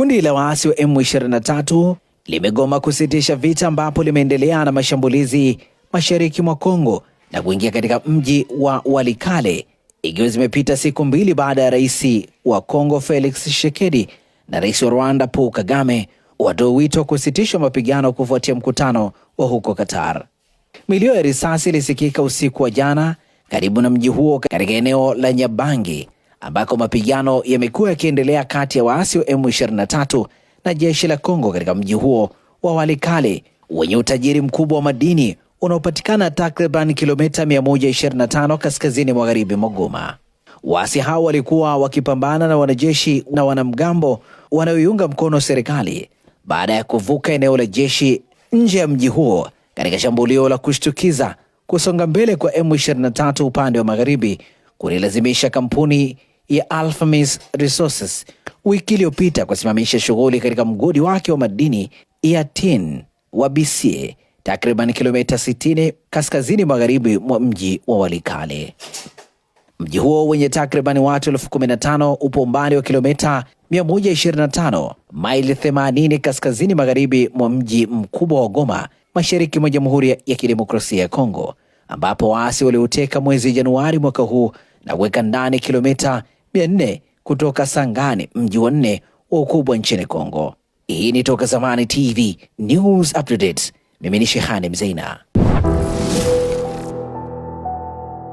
Kundi la waasi wa M23 limegoma kusitisha vita ambapo limeendelea na mashambulizi mashariki mwa Kongo na kuingia katika mji wa Walikale ikiwa zimepita siku mbili baada ya rais wa Kongo Felix Tshisekedi na rais wa Rwanda Paul Kagame watoa wito wa kusitishwa mapigano kufuatia mkutano wa huko Qatar. Milio ya risasi ilisikika usiku wa jana karibu na mji huo katika eneo la Nyabangi ambako mapigano yamekuwa yakiendelea kati ya waasi wa M23 na jeshi la Kongo katika mji huo wa Walikale wenye utajiri mkubwa wa madini unaopatikana takriban kilomita 125 kaskazini magharibi mwa Goma. Waasi hao walikuwa wakipambana na wanajeshi na wanamgambo wanaoiunga mkono serikali baada ya kuvuka eneo la jeshi nje ya mji huo katika shambulio la kushtukiza. Kusonga mbele kwa M23 upande wa magharibi kulilazimisha kampuni ya Alphamis Resources wiki iliyopita kusimamisha shughuli katika mgodi wake wa madini ya tin wa Busia takriban kilomita 60 kaskazini magharibi mwa mji wa Walikale. Mji huo wenye takriban watu elfu 15 upo umbali wa kilomita 125 maili 80 kaskazini magharibi mwa mji mkubwa wa Goma, mashariki mwa Jamhuri ya Kidemokrasia ya Kongo, ambapo waasi waliuteka mwezi Januari mwaka huu na kuweka ndani kilomita mia nne kutoka Sangane, mji wa nne wa ukubwa nchini Kongo. Hii ni Toka Zamani TV News Updates. Mimi ni Shehani Mzeina.